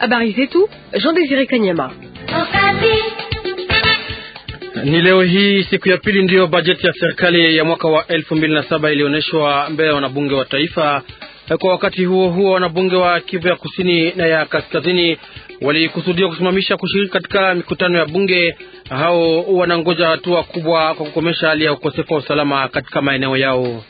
Habari ah zetu Jean Désiré Kanyama. Ni leo hii siku ya pili ndiyo bajeti ya serikali ya mwaka wa 2007 ilioneshwa mbele ya wanabunge wa taifa. Kwa wakati huo huo, wanabunge wa Kivu ya kusini na ya kaskazini walikusudia kusimamisha kushiriki katika mikutano ya bunge. Hao wanangoja hatua kubwa kwa kukomesha hali ya ukosefu wa usalama katika maeneo yao.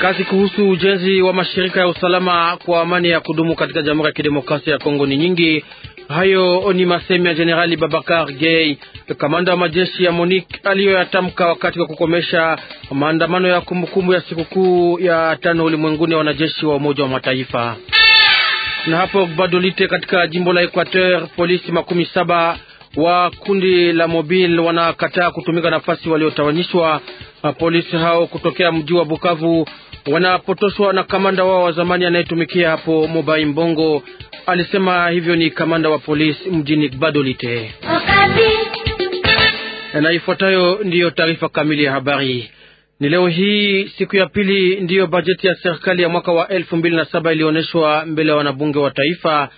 Kazi kuhusu ujenzi wa mashirika ya usalama kwa amani ya kudumu katika Jamhuri ya Kidemokrasia ya Kongo ni nyingi. Hayo ni masemi ya Jenerali Babakar Gay, kamanda wa majeshi ya MONUC aliyoyatamka wakati wa kukomesha maandamano ya kumbukumbu ya sikukuu ya tano ulimwenguni ya wanajeshi wa Umoja wa Mataifa. Na hapo badolite katika jimbo la Equateur, polisi makumi saba wa kundi la Mobil wanakataa kutumika nafasi waliotawanyishwa. Uh, polisi hao kutokea mji wa Bukavu wanapotoshwa na kamanda wao wa zamani anayetumikia hapo Mobai Mbongo. Alisema hivyo ni kamanda wa polisi mjini badolite eh, Na ifuatayo ndiyo taarifa kamili ya habari. Ni leo hii siku ya pili ndiyo bajeti ya serikali ya mwaka wa elfu mbili na saba ilionyeshwa mbele ya wanabunge wa taifa.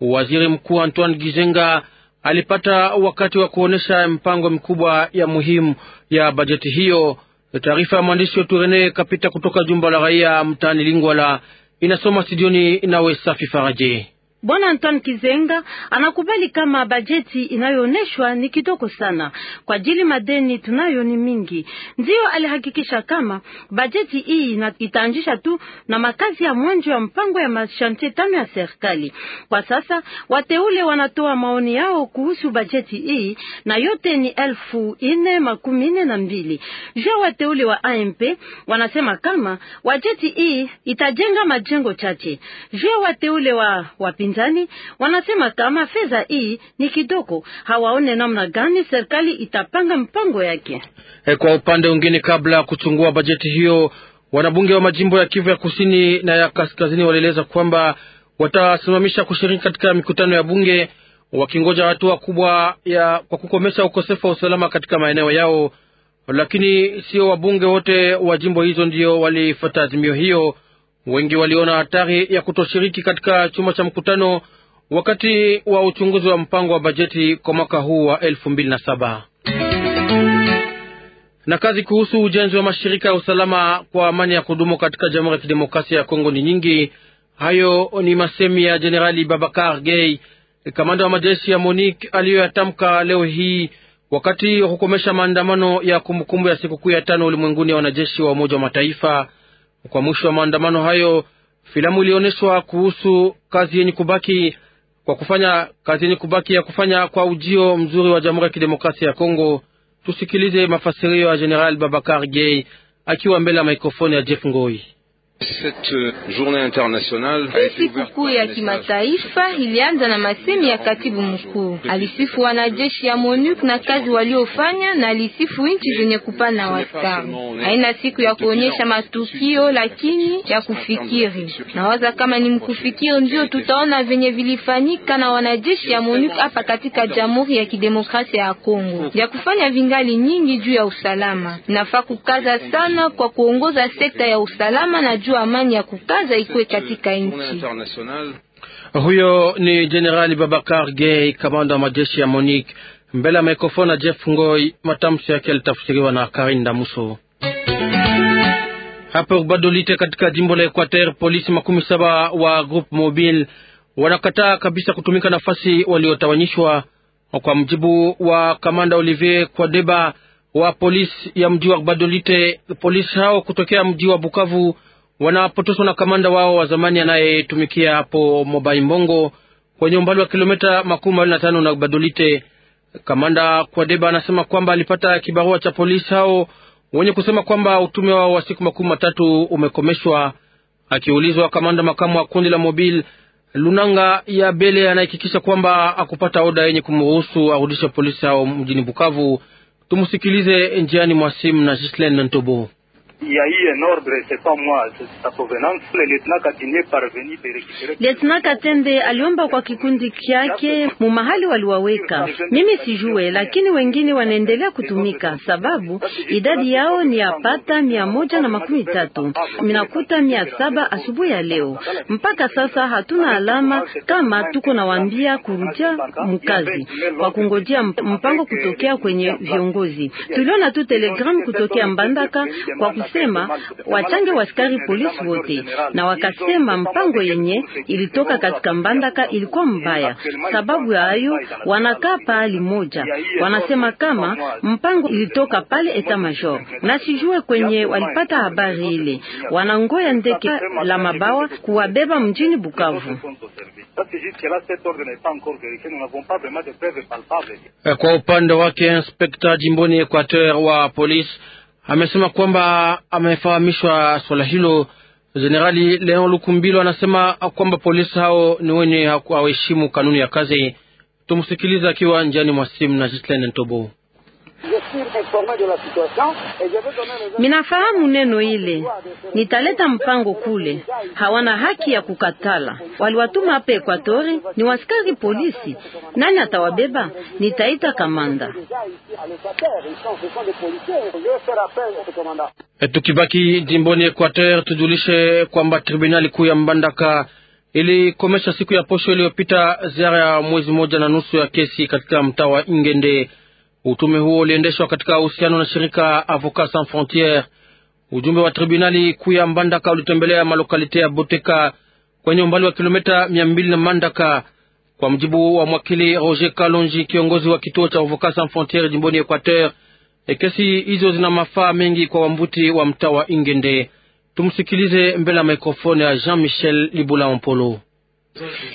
Waziri Mkuu Antoine Gizenga alipata wakati wa kuonyesha mpango mkubwa ya muhimu ya bajeti hiyo. Taarifa ya mwandishi wetu Rene Kapita kutoka jumba la raia mtaani Lingwala inasoma studioni nawe Safi Faraje. Bwana Antoine Kizenga anakubali kama bajeti inayoonyeshwa ni kidogo sana kwa ajili madeni tunayo ni mingi. Ndiyo alihakikisha kama bajeti hii itaanzisha tu na makazi ya mwanzo ya mpango ya mashantie tano ya serikali. Kwa sasa wateule wanatoa maoni yao kuhusu bajeti hii na yote ni elfu ine makumi ine na mbili. Je, wateule wa AMP wanasema kama bajeti hii itajenga majengo chache. Je, wateule wa wapinzani uwanjani wanasema kama fedha hii ni kidogo, hawaone namna gani serikali itapanga mpango yake. E, kwa upande mwingine, kabla ya kuchungua bajeti hiyo, wanabunge wa majimbo ya Kivu ya kusini na ya kaskazini walieleza kwamba watasimamisha kushiriki katika mikutano ya bunge wakingoja hatua kubwa ya kwa kukomesha ukosefu wa usalama katika maeneo yao, lakini sio wabunge wote wa jimbo hizo ndio walifuata azimio hiyo. Wengi waliona hatari ya kutoshiriki katika chumba cha mkutano wakati wa uchunguzi wa mpango wa bajeti kwa mwaka huu wa elfu mbili na saba. Na kazi kuhusu ujenzi wa mashirika ya usalama kwa amani ya kudumu katika Jamhuri ya Kidemokrasia ya Kongo ni nyingi. Hayo ni masemi ya Jenerali Babakar Gay, kamanda wa majeshi ya MONUC aliyoyatamka leo hii wakati wa kukomesha maandamano ya kumbukumbu ya sikukuu ya tano ulimwenguni ya wanajeshi wa Umoja wa Mataifa. Kwa mwisho wa maandamano hayo, filamu ilionyeshwa kuhusu kazi yenye kubaki kwa kufanya kazi yenye kubaki ya kufanya kwa ujio mzuri wa Jamhuri ya Kidemokrasia ya Kongo. Tusikilize mafasirio ya General Babakar Gay akiwa mbele ya mikrofoni ya Jeff Ngoi. Cette euh, journée internationale sikukuu ya kimataifa ilianza na masemi ya katibu mkuu. Alisifu wanajeshi ya MONUC na kazi waliofanya, na alisifu nchi zenye kupana waskari. Haina siku ya kuonyesha matukio, lakini ya kufikiri. Nawaza kama ni mkufikiri ndio tutaona venye vilifanyika na wanajeshi ya MONUC hapa katika Jamhuri ya Kidemokrasia ya Kongo. Ya kufanya vingali nyingi juu ya usalama, nafaa kukaza sana kwa kuongoza sekta ya usalama na juu ndio amani ya kukaza ikuwe katika nchi. Huyo ni Jenerali Babakar Gay, kamanda wa majeshi ya Monique, mbele ya mikrofoni ya Jeff Ngoi. Matamshi yake yalitafsiriwa na karin damuso Hapo Badolite katika jimbo la Equateur, polisi makumi saba wa Group Mobile wanakataa kabisa kutumika nafasi waliotawanyishwa, kwa mjibu wa kamanda Olivier Kwadeba wa polisi ya mji wa Badolite. Polisi hao kutokea mji wa Bukavu wanapotoshwa na kamanda wao wa zamani anayetumikia hapo Mobai Mbongo kwenye umbali wa kilomita makumi mawili na tano na Badolite. Kamanda Kwadeba anasema kwamba alipata kibarua cha polisi hao wenye kusema kwamba utume wao wa siku makumi matatu umekomeshwa. Akiulizwa, kamanda makamu wa kundi la Mobile Lunanga ya Bele anahakikisha kwamba akupata oda yenye kumruhusu arudishe polisi hao mjini Bukavu. Tumsikilize njiani mwa simu na Jislen Ntobo il y a eu un ordre, c'est pas moi, c'est sa provenance. Le lieutenant Katende est parvenu de récupérer. Lieutenant Katembe aliomba kwa kikundi kyake mahali waliwaweka. Mimi sijue, lakini wengine wanaendelea kutumika sababu idadi yao ni yapata mia moja na makumi tatu minakuta mia saba asubuhi ya leo. Mpaka sasa hatuna alama kama tuko nawaambia kurudia mkazi kwa kungojea mpango kutokea kwenye viongozi. Tuliona tu telegram kutokea Mbandaka kwa walisema wachange waskari polisi wote, na wakasema mpango yenye ilitoka katika Mbandaka ilikuwa mbaya. Sababu ya hayo wanakaa pahali moja, wanasema kama mpango ilitoka pale eta major, na sijue kwenye walipata habari ile. Wanangoya ndeke la mabawa kuwabeba mjini Bukavu. Eh, kwa upande wake inspekta jimboni Equateur wa polisi amesema kwamba amefahamishwa swala hilo. Jenerali Leon Lukumbilo anasema kwamba polisi hao ni wenye hawaheshimu kanuni ya kazi. Tumsikiliza akiwa njiani mwa simu na Gislaine Ntobo. Minafahamu neno ile, nitaleta mpango kule. Hawana haki ya kukatala. Waliwatuma hapa Ekwatori, ni wasikari polisi. Nani atawabeba? Nitaita kamanda. Eh, tukibaki jimboni Ekwater, tujulishe kwamba tribunali kuu ya Mbandaka ilikomesha siku ya posho iliyopita ziara ya mwezi moja na nusu ya kesi katika mtaa wa Ingende Utume huo uliendeshwa katika uhusiano na shirika Avocats Sans Frontiere. Ujumbe wa tribunali kuu ya Mbandaka ulitembelea malokalite ya Boteka kwenye umbali wa kilomita mia mbili na Mbandaka. Kwa mjibu wa mwakili Roger Kalonji, kiongozi wa kituo cha Avocats Sans Frontiere jimboni Equateur, eh, kesi hizo zina mafaa mengi kwa wambuti wa mtaa wa Ingende. Tumsikilize mbele ya mikrofoni ya Jean Michel Libula Ompolo.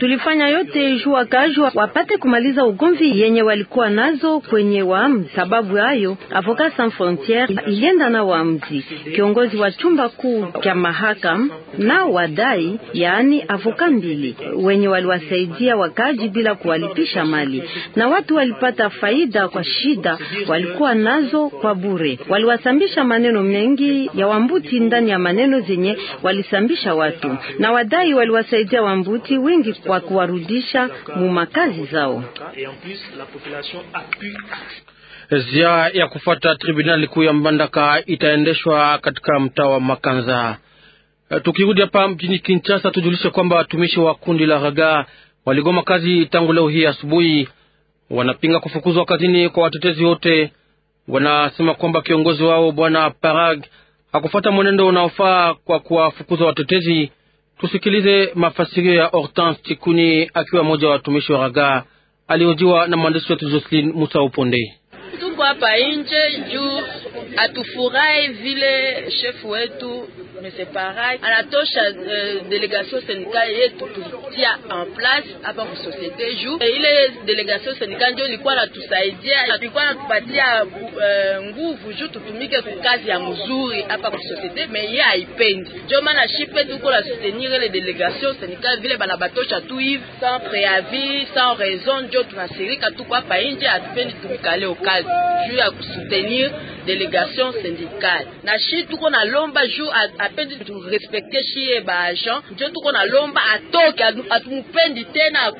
Tulifanya yote jua wakaaji wapate kumaliza ugomvi yenye walikuwa nazo kwenye waamuzi. Sababu hayo Avocats Sans frontiere ilienda na waamzi kiongozi wa chumba kuu cha mahakama na wadai, yaani avoka mbili wenye waliwasaidia wakaaji bila kuwalipisha mali, na watu walipata faida kwa shida walikuwa nazo kwa bure. Waliwasambisha maneno mengi ya wambuti ndani ya maneno zenye walisambisha watu, na wadai waliwasaidia wambuti wengi kwa kuwarudisha mu makazi zao. Ziara ya kufuata tribunali kuu ya Mbandaka itaendeshwa katika mtaa wa Makanza. Eh, tukirudi hapa mjini Kinshasa, tujulishe kwamba watumishi wa kundi la Raga waligoma kazi tangu leo hii asubuhi. Wanapinga kufukuzwa kazini kwa watetezi wote. Wanasema kwamba kiongozi wao Bwana Parag hakufuata mwenendo unaofaa kwa kuwafukuza watetezi. Tusikilize mafasirio ya Hortense tikuni akiwa mmoja wa watumishi wa raga, alihojiwa na mwandishi wetu Jocelyn Musa Uponde. Tuko hapa nje juu atufurahi vile shefu wetu c'est pareil. Anatosha, euh, délégation syndicale, est tout en place hapa kusosiete juu e ile délégation syndicale ndio ilikuwa natusaidia, ilikuwa natupatia uh, nguvu juu tutumike kukazi ya mzuri hapa kusosiete, me ye haipendi. Ndio maana shipe tuko la soutenir ile délégation syndicale vile banabatosha tu hivi sans préavis sans raison, ndio tunasirika tuko hapa nje, hatupendi tumikale ukali juu ya kusoutenir délégation syndicale na shi tuko a lomba juu apendi tout shiye baagent njo tuko lomba atoke atumupendi tena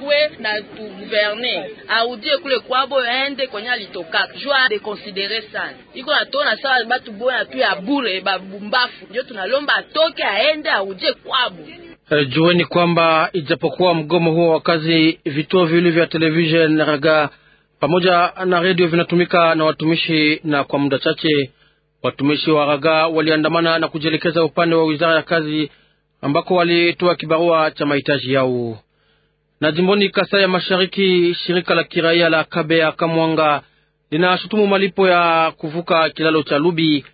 na tuguverne le tout kwabo ende euh, kwenye alitokaka le adekonsidere ça. iko na to na sawa batu boya tu tout bure babumbafu njo lomba atoke aende Je kwabo Jueni kwamba ijapokuwa mgomo huo wa kazi, vituo viwili pamoja na redio vinatumika na watumishi. Na kwa muda chache watumishi wa raga waliandamana na kujielekeza upande wa wizara ya kazi ambako walitoa kibarua cha mahitaji yao. Na jimboni Kasai ya Mashariki, shirika la kiraia la Kabea Kamwanga linashutumu malipo ya kuvuka kilalo cha Lubi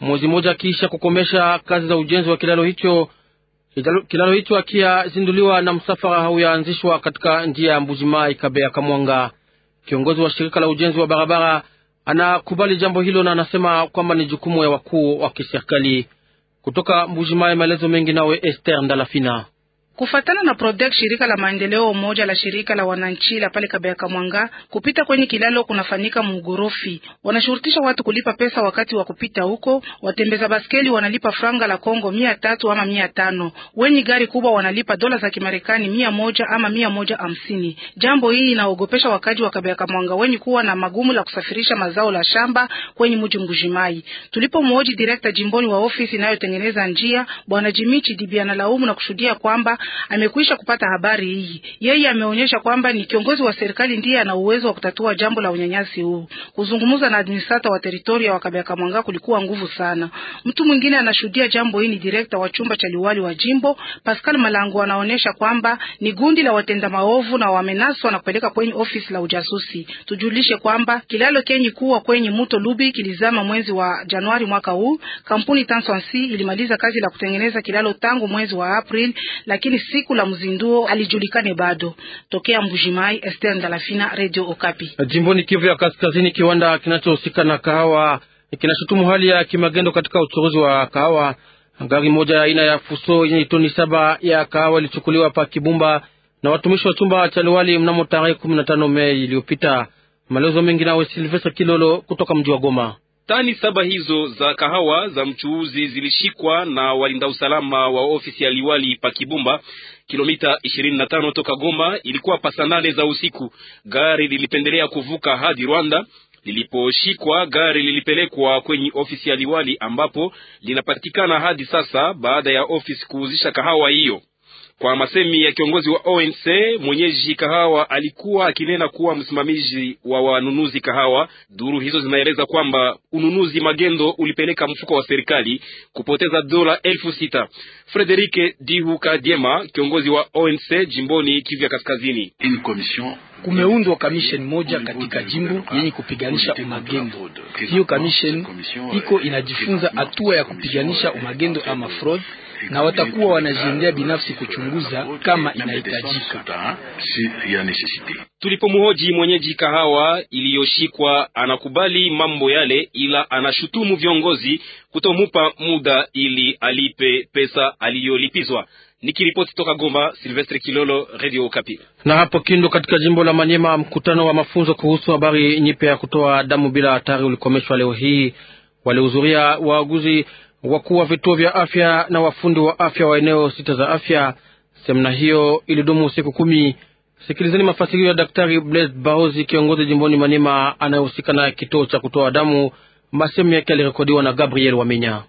mwezi mmoja kisha kukomesha kazi za ujenzi wa kilalo hicho. Kilalo hicho akiyazinduliwa na msafara hauyaanzishwa katika njia ya Mbujimai Kabea Kamwanga. Kiongozi wa shirika la ujenzi wa barabara anakubali jambo hilo na anasema kwamba ni jukumu ya wakuu wa kiserikali. Kutoka Mbujimayi, maelezo mengi nawe Esther Ndalafina. Kufatana na Prodac, shirika la maendeleo moja la shirika la wananchi la pale Kabea Kamwanga, kupita kwenye kilalo kunafanyika mugorofi. Wanashurutisha watu kulipa pesa wakati wa kupita huko. Watembeza baskeli wanalipa franga la Kongo mia tatu ama mia tano wenye gari kubwa wanalipa dola za Kimarekani mia moja ama mia moja hamsini. Jambo hili inaogopesha wakaji wa Kabea Kamwanga wenye kuwa na magumu la kusafirisha mazao la shamba kwenye mji Mbujimai. Tulipomhoji direkta jimboni wa ofisi inayotengeneza njia Bwana Jimichi Dibiana laumu na kushuhudia kwamba amekwisha kupata habari hii. Yeye ameonyesha kwamba ni kiongozi wa serikali ndiye ana uwezo wa kutatua jambo la unyanyasi huu. Kuzungumza na administrator wa teritoria wa Kabaka Mwanga kulikuwa nguvu sana. Mtu mwingine anashuhudia jambo hili ni direkta wa chumba cha liwali wa jimbo Pascal Malango, anaonyesha kwamba ni gundi la watenda maovu na wamenaswa na kupeleka kwenye ofisi la ujasusi. Tujulishe kwamba kilalo kenye kuwa kwenye mto Lubi kilizama mwezi wa Januari mwaka huu. Kampuni Tansansi ilimaliza kazi la kutengeneza kilalo tangu mwezi wa April, lakini lakini siku la mzinduo alijulikane bado. Tokea Mbujimai, Esther Ndalafina, Radio Okapi. Jimboni Kivu ya Kaskazini, kiwanda kinachohusika na kahawa kinashutumu hali ya kimagendo katika uchuruzi wa kahawa. Gari moja ya aina ya fuso yenye toni saba ya kahawa ilichukuliwa pa Kibumba na watumishi wa chumba cha liwali mnamo tarehe 15 Mei iliyopita. Maelezo mengi nawe Silvestre Kilolo kutoka mji wa Goma. Tani saba hizo za kahawa za mchuuzi zilishikwa na walinda usalama wa ofisi ya liwali pa Kibumba, kilomita 25 toka Goma. Ilikuwa pasanane za usiku, gari lilipendelea kuvuka hadi Rwanda. Liliposhikwa, gari lilipelekwa kwenye ofisi ya liwali ambapo linapatikana hadi sasa, baada ya ofisi kuuzisha kahawa hiyo. Kwa masemi ya kiongozi wa ONC mwenyeji kahawa alikuwa akinena kuwa msimamizi wa wanunuzi kahawa. Duru hizo zinaeleza kwamba ununuzi magendo ulipeleka mfuko wa serikali kupoteza dola elfu sita. Frederike Dihuka Diema, kiongozi wa ONC jimboni Kivu ya Kaskazini. Kumeundwa kamisheni moja katika jimbo yenye kupiganisha umagendo. Hiyo kamisheni iko euh, inajifunza hatua ya kupiganisha umagendo ama fraud na watakuwa wanajiendea binafsi kuchunguza kama inahitajika. Tulipomhoji mwenyeji kahawa iliyoshikwa, anakubali mambo yale, ila anashutumu viongozi kutomupa muda ili alipe pesa aliyolipizwa. Nikiripoti toka Goma, Silvestre Kilolo, Radio Okapi. Na hapo Kindu katika jimbo la Manyema, mkutano wa mafunzo kuhusu habari nyipe ya kutoa damu bila hatari ulikomeshwa leo hii. Walihudhuria wauguzi wakuu wa vituo vya afya na wafundi wa afya wa eneo sita za afya. Semina hiyo ilidumu siku kumi. Sikilizeni mafasirio ya Daktari Blaise Baozi, kiongozi jimboni Manema anayehusika na kituo cha kutoa damu. Masemu yake yalirekodiwa na Gabriel waminya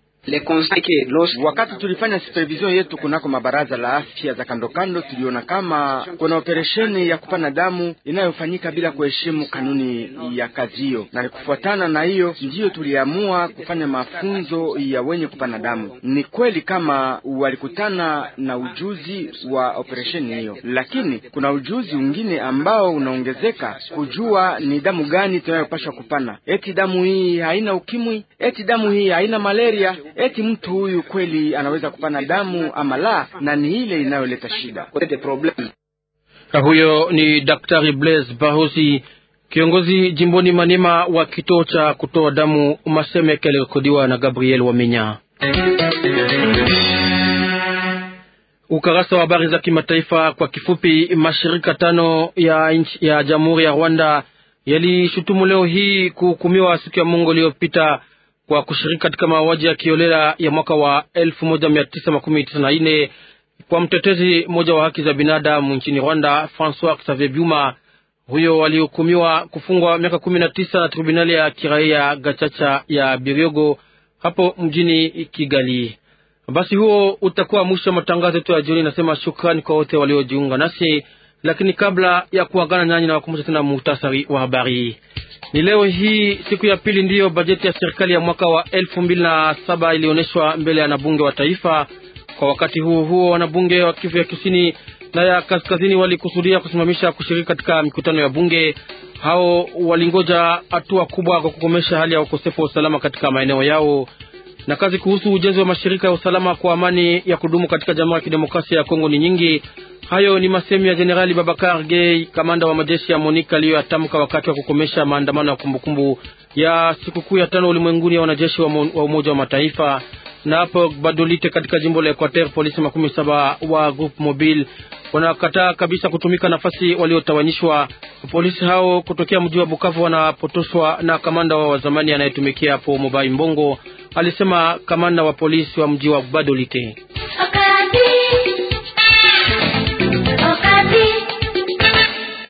Wakati tulifanya supervision yetu kunako mabaraza la afya za kandokando, tuliona kama kuna operesheni ya kupana damu inayofanyika bila kuheshimu kanuni ya kazi hiyo, na kufuatana na hiyo ndiyo tuliamua kufanya mafunzo ya wenye kupana damu. Ni kweli kama walikutana na ujuzi wa operesheni hiyo, lakini kuna ujuzi mwingine ambao unaongezeka, kujua ni damu gani tunayopashwa kupana. Eti damu hii haina ukimwi? Eti damu hii haina malaria? eti mtu huyu kweli anaweza kupana damu ama la, na ni ile inayoleta shida. Huyo ni Daktari Blaise Bahosi, kiongozi jimboni Manema wa kituo cha kutoa damu. Masemeke yalirekodiwa na Gabriel Wamenya. Ukarasa wa habari za kimataifa kwa kifupi. Mashirika tano ya inch, ya Jamhuri ya Rwanda yalishutumu leo hii kuhukumiwa siku ya Mungu iliyopita kwa kushiriki katika mauaji ya kiolela ya mwaka wa 1994 kwa mtetezi mmoja wa haki za binadamu nchini Rwanda, Francois Xavier Biuma. Huyo alihukumiwa kufungwa miaka 19 na tribunali ya kiraia Gachacha ya Biryogo hapo mjini Kigali. Basi huo utakuwa mwisho wa matangazo yetu ya jioni. Nasema shukrani kwa wote waliojiunga nasi, lakini kabla ya kuagana nanyi, wakumbusha tena muhtasari wa habari. Ni leo hii siku ya pili ndiyo bajeti ya serikali ya mwaka wa elfu mbili na saba ilionyeshwa mbele ya wanabunge wa taifa. Kwa wakati huo huo, wanabunge wa Kivu ya kusini na ya kaskazini walikusudia kusimamisha kushiriki katika mikutano ya bunge. Hao walingoja hatua kubwa kwa kukomesha hali ya ukosefu wa usalama katika maeneo yao na kazi kuhusu ujenzi wa mashirika ya usalama kwa amani ya kudumu katika Jamhuri ya Kidemokrasia ya Kongo ni nyingi. Hayo ni masemi ya Jenerali Babakar Gay, kamanda wa majeshi ya MONUC aliyoyatamka wakati wa kukomesha maandamano ya kumbukumbu ya sikukuu ya tano ulimwenguni ya wanajeshi wa, wa Umoja wa Mataifa. Na hapo Badolite katika jimbo la Equateur, polisi makumi saba wa Groupe Mobile wanakataa kabisa kutumika nafasi waliotawanyishwa. Polisi hao kutokea mji wa Bukavu wanapotoshwa na kamanda wa zamani anayetumikia hapo Mobai Mbongo, alisema kamanda wa polisi wa mji wa Badolite.